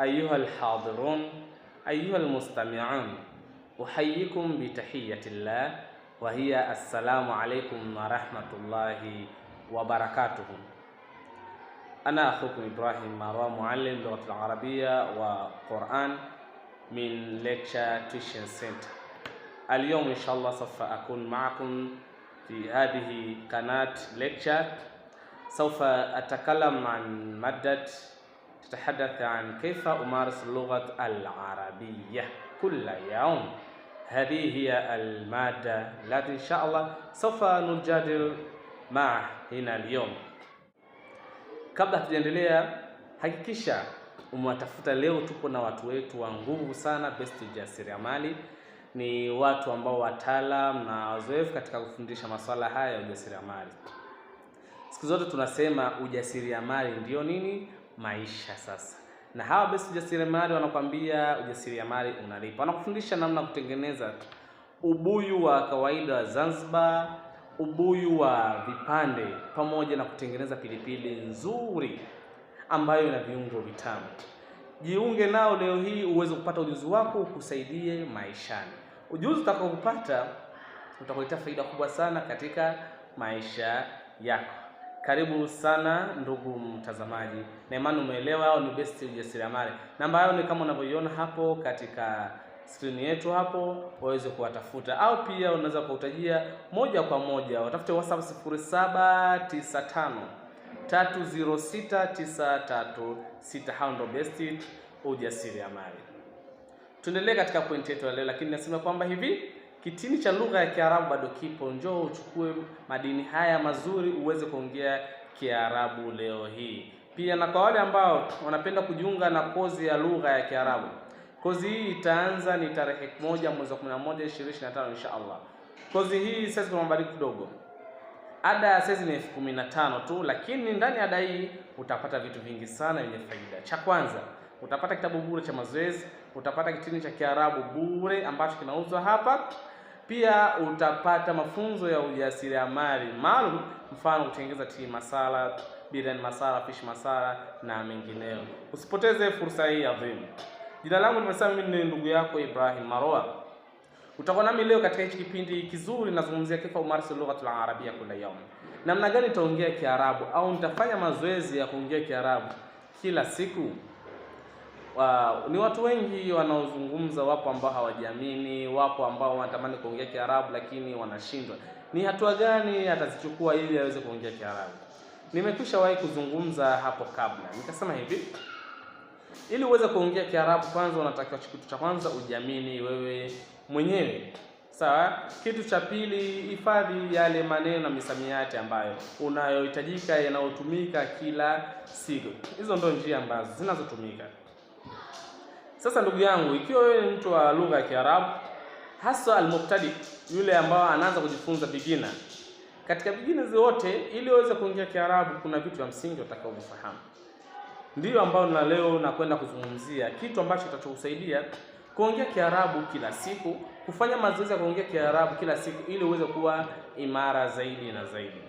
أيها الحاضرون أيها المستمعون أحييكم بتحية الله وهي السلام عليكم ورحمة الله وبركاته أنا أخوكم إبراهيم مروان معلم لغة العربية وقرآن من Lecture Tuition سنتر اليوم إن شاء الله سوف أكون معكم في هذه قناة Lecture سوف أتكلم عن مادة تتحدث an kaifa umaris lughat alarabiya كل يوم هذه hiya almada التي إن شاء الله سوف نجادل مع هنا اليوم kabla hatujaendelea hakikisha umewatafuta leo tupo na watu wetu wa nguvu sana best ujasiriamali ni watu ambao wataalam na wazoefu katika kufundisha masuala haya ya ujasiriamali siku zote tunasema ujasiriamali ndio nini maisha sasa. Na hawa basi ujasiriamali wanakwambia ujasiriamali unalipa, wanakufundisha namna kutengeneza ubuyu wa kawaida wa Zanzibar, ubuyu wa vipande, pamoja na kutengeneza pilipili nzuri ambayo ina viungo vitamu. Jiunge nao leo hii uweze kupata ujuzi wako ukusaidie maishani. Ujuzi utakaopata utakuleta faida kubwa sana katika maisha yako. Karibu sana ndugu mtazamaji, na imani umeelewa au ni best ujasiriamali. Namba yao ni kama unavyoiona hapo katika skrini yetu hapo, waweze kuwatafuta au pia unaweza kuwatajia moja kwa moja, watafute WhatsApp 0795 306936 Hao ndo best ujasiriamali. Tuendelee katika pointi yetu ya leo, lakini nasema kwamba hivi Kitini cha lugha ya Kiarabu bado kipo. Njoo uchukue madini haya mazuri uweze kuongea Kiarabu leo hii. Pia na kwa wale ambao wanapenda kujiunga na kozi ya lugha ya Kiarabu, kozi hii itaanza ni tarehe moja mwezi wa 11 2025 Allah. Kozi hii sasa tunambariki kidogo. Ada ya sasa ni elfu kumi na tano tu, lakini ndani ya ada hii utapata vitu vingi sana vyenye faida. Cha kwanza utapata kitabu bure cha mazoezi, utapata kitini cha Kiarabu bure ambacho kinauzwa hapa pia utapata mafunzo ya ujasiriamali maalum, mfano kutengeneza tea masala, biriani masala, fish masala na mengineyo. Usipoteze fursa hii adhimu. Jina langu nimesema mimi ni ndugu yako Ibrahim Marwa. Utakuwa nami leo katika hichi kipindi kizuri, nazungumzia kifa umarisi lughatul arabia kila yaum, namna gani nitaongea Kiarabu au nitafanya mazoezi ya kuongea Kiarabu kila siku wa, ni watu wengi wanaozungumza, wapo ambao hawajiamini, wapo ambao wanatamani kuongea Kiarabu lakini wanashindwa. Ni hatua gani atazichukua ili aweze kuongea Kiarabu? Nimekwisha wahi kuzungumza hapo kabla, nikasema hivi, ili uweze kuongea Kiarabu kwanza unatakiwa, kitu cha kwanza ujiamini wewe mwenyewe, sawa. Kitu cha pili, hifadhi yale maneno na misamiati ambayo unayohitajika yanayotumika kila siku. Hizo ndio njia ambazo zinazotumika. Sasa ndugu yangu, ikiwa wewe ni mtu wa lugha ya Kiarabu, hasa almubtadi, yule ambao anaanza kujifunza bigina, katika bigina zote, ili uweze kuingia Kiarabu, kuna vitu vya msingi utakaovifahamu, ndiyo ambao na leo nakwenda kuzungumzia kitu ambacho kitachokusaidia kuongea Kiarabu kila siku, kufanya mazoezi ya kuongea Kiarabu kila siku, ili uweze kuwa imara zaidi na zaidi.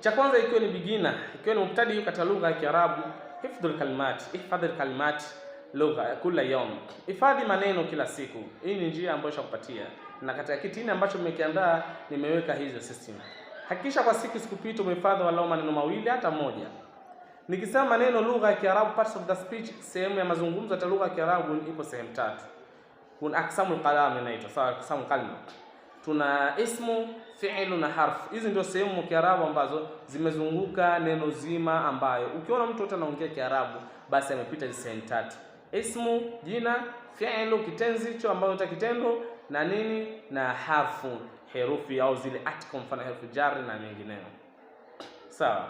Cha kwanza, ikiwa ni bigina, ikiwa ni mubtadi katika lugha ya Kiarabu hifdhul kalimat, ihfadhil kalimat lugha kula yom, hifadhi maneno kila siku. Hii ni njia ambayo shakupatia, na katika kitini ambacho mmekiandaa nimeweka hizo system. Hakikisha kwa siku sikupita umehifadhi walau maneno mawili hata moja. Nikisema maneno lugha ya Kiarabu, parts of the speech, sehemu ya mazungumzo ya lugha ya Kiarabu ipo sehemu tatu. Kuna aksamul kalam inaitwa sawa, aksamul kalima. Tuna ismu fi'lu na harf. Hizi ndio sehemu mu Kiarabu ambazo zimezunguka neno zima, ambayo ukiona mtu yote anaongea Kiarabu basi amepita hizi sehemu tatu: ismu, jina, fi'lu, kitenzi hicho ambacho ni kitendo, na nini na harfu, herufi au zile article, mfano herufi jari na mengineyo. Sawa.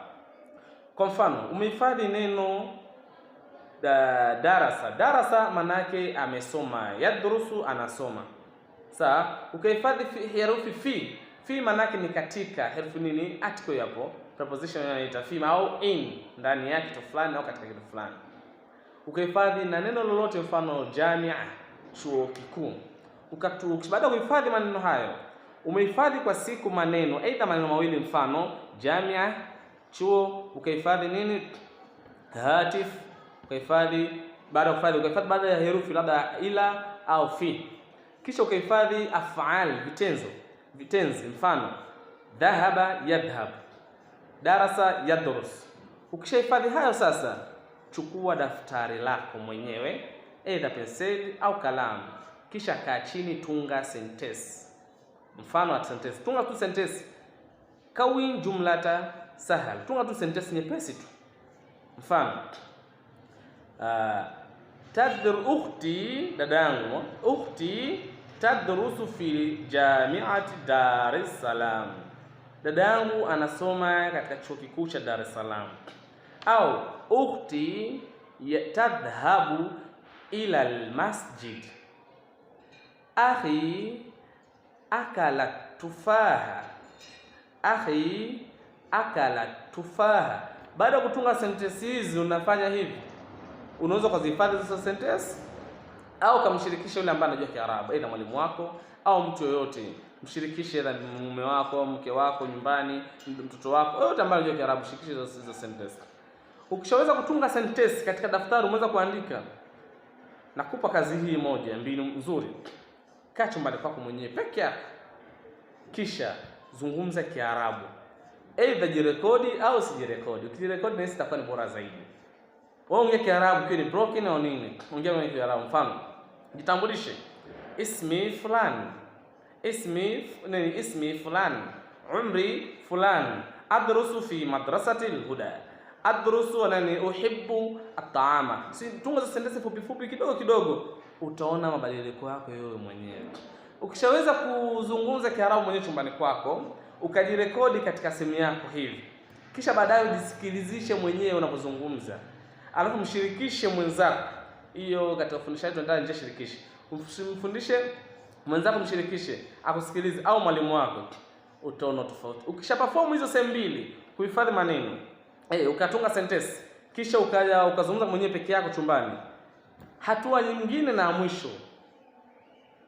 Kwa mfano umehifadhi neno da, darasa. Darasa maana yake amesoma, yadrusu anasoma. Sawa, ukahifadhi herufi fi Fi manake ni katika, herufi nini article hapo, preposition inaita fi au in, ndani ya kitu fulani au katika kitu fulani. Ukahifadhi na neno lolote, mfano jamia, chuo kikuu. Ukatu baada ya kuhifadhi maneno hayo, umehifadhi kwa siku maneno, aidha maneno mawili, mfano jamia, chuo, ukahifadhi nini hatif, ukahifadhi baada ya kuhifadhi, ukahifadhi baada ya herufi labda ila au fi, kisha ukahifadhi afaal vitenzo vitenzi. Mfano, dhahaba yadhhab, darasa yadrus. Ukishahifadhi hayo sasa, chukua daftari lako mwenyewe, aidha penseli au kalamu, kisha kaa chini, tunga sentesi. Mfano wa sentesi, tunga tu sentesi kawin jumlata sahal, tunga tu sentesi nyepesi tu. Mfano uh, tadhir ukhti, dada yangu, ukhti tadrusu fi jamiati Dar es Salaam, dada yangu anasoma katika chuo kikuu cha Dar es Salaam. Au ukhti tadhhabu ila almasjid. Akhi akala tufaha, akhi akala tufaha. Baada ya kutunga sentensi hizi unafanya hivi, unaweza ukazihifadhi hizo sentensi au kamshirikishe yule ambaye anajua Kiarabu, aidha mwalimu wako au mtu yoyote. Mshirikishe na mume wako, au mke wako nyumbani, mtoto wako, yoyote ambaye anajua Kiarabu, shirikishe hizo sentensi. Ukishaweza kutunga sentensi katika daftari, umeweza kuandika, nakupa kazi hii moja, mbinu nzuri. Kaa chumbani kwako mwenyewe peke yako, kisha zungumza Kiarabu, aidha jirekodi au sijirekodi. Ukijirekodi, nahisi itakuwa ni bora zaidi wewe ongea Kiarabu kiwe ni broken au nini? Ongea kwa Kiarabu. Mfano, jitambulishe. Ismi fulani. Ismi nini? Ismi fulani. Umri fulani. Adrusu fi madrasati al-huda. Adrusu nani? Uhibbu at-taama. Si tunga za sentensi fupi fupi kidogo kidogo, utaona mabadiliko yako wewe mwenyewe. Ukishaweza kuzungumza Kiarabu mwenyewe chumbani kwako, ukajirekodi katika simu yako hivi, kisha baadaye ujisikilizishe mwenyewe unapozungumza alafu mshirikishe mwenzako. Hiyo katika ufundishaji tunataka nje shirikishi, mfundishe mwenzako, mshirikishe akusikilize, au mwalimu wako, utaona tofauti. Ukisha perform hizo sehemu mbili, kuhifadhi maneno eh, ukatunga sentence kisha ukaja ukazungumza mwenyewe peke yako chumbani. Hatua nyingine na mwisho,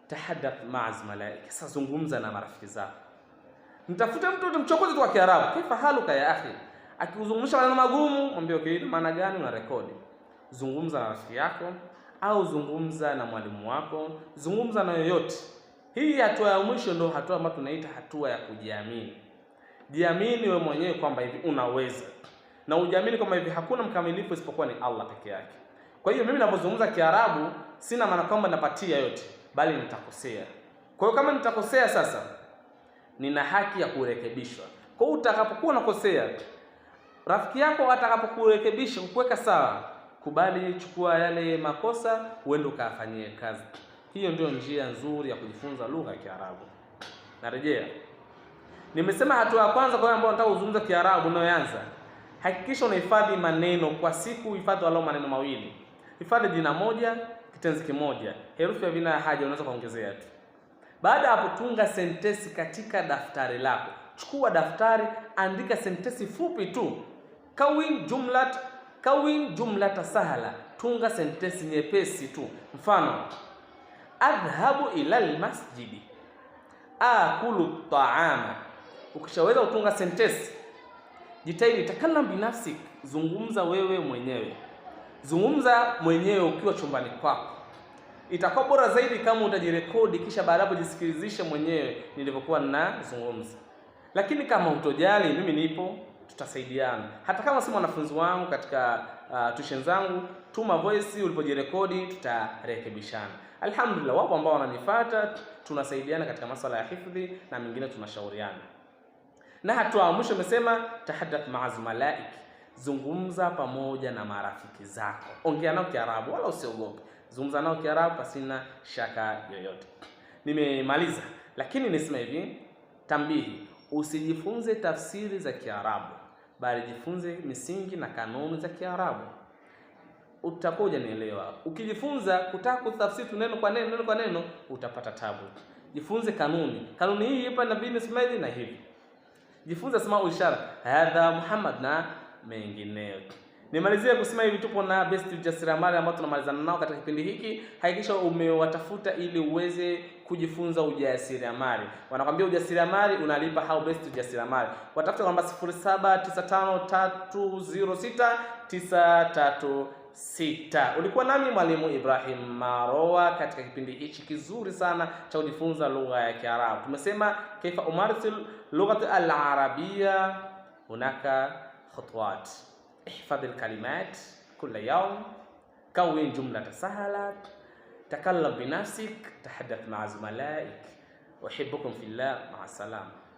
tahadath maaz malaika, sasa zungumza na marafiki zako, mtafute mtu mchokozi tu wa Kiarabu, kaifa haluka ya akhi akikuzungumzisha maneno magumu, mwambie okay, ina maana gani? Una rekodi. Zungumza na rafiki yako au zungumza na mwalimu wako, zungumza na yoyote. Hii hatua ya mwisho ndio hatua ambayo tunaita hatua ya kujiamini. Jiamini wewe mwenyewe kwamba hivi unaweza, na ujiamini kwamba hivi hakuna mkamilifu isipokuwa ni Allah peke yake. Kwa hiyo mimi ninapozungumza Kiarabu sina maana kwamba napatia yote, bali nitakosea. Kwa hiyo kama nitakosea, sasa nina haki ya kurekebishwa. Kwa hiyo utakapokuwa unakosea Rafiki yako atakapokurekebisha kukuweka sawa, kubali, chukua yale makosa, uende ukafanyie kazi. Hiyo ndio njia nzuri ya kujifunza lugha ya Kiarabu. Narejea, nimesema hatua ya kwanza kwa ambao nataka kuzungumza Kiarabu unayoanza, hakikisha unahifadhi maneno kwa siku. Hifadhi walau maneno mawili, hifadhi jina moja, kitenzi kimoja, herufi ya vina haja, unaweza kuongezea tu. Baada ya kutunga tunga sentensi katika daftari lako. Chukua daftari, andika sentensi fupi tu Kawin jumlat, kawin jumlata sahla, tunga sentensi nyepesi tu. Mfano, adhhabu ila almasjidi akulu taama. Ukishaweza kutunga sentensi, jitahidi takalam binafsi, zungumza wewe mwenyewe, zungumza mwenyewe ukiwa chumbani kwako itakuwa bora zaidi kama utajirekodi, kisha baadaye ujisikilizishe mwenyewe nilivyokuwa ninazungumza. Lakini kama utojali, mimi nipo tutasaidiana. Hata kama si mwanafunzi wangu katika uh, tuition zangu, tuma voice ulipojirekodi, tutarekebishana. Alhamdulillah, wapo ambao wananifuata, tunasaidiana katika masuala ya hifdhi na mingine tunashauriana. Na hatua mwisho imesema tahaddath ma'a zumalaik, zungumza pamoja na marafiki zako, ongea nao Kiarabu wala usiogope, zungumza nao Kiarabu pasina shaka yoyote. Nimemaliza, lakini nisema hivi, tambihi usijifunze tafsiri za Kiarabu bali jifunze misingi na kanuni za Kiarabu, utakuja nielewa Ukijifunza kutaka kutafsiri tu neno kwa neno neno kwa neno utapata tabu. Jifunze kanuni, kanuni hii hapa Nabii Ismaili na hivi jifunze asmaul ishara, hadha Muhammad na mengineyo. Nimalizie kusema hivi, tupo na best ujasiriamali ambao tunamalizana nao katika kipindi hiki. Hakikisha umewatafuta ili uweze kujifunza ujasiriamali. Wanakwambia ujasiriamali unalipa, how best ujasiriamali. Watafuta namba 0795306936 sita. Ulikuwa nami mwalimu Ibrahim Marowa katika kipindi hichi kizuri sana cha kujifunza lugha ya Kiarabu. Tumesema kaifa umarsil lughat al-arabia hunaka khutwat احفظ الكلمات كل يوم كون جملة سهلة تكلم بنفسك تحدث مع زملائك أحبكم في الله مع السلامة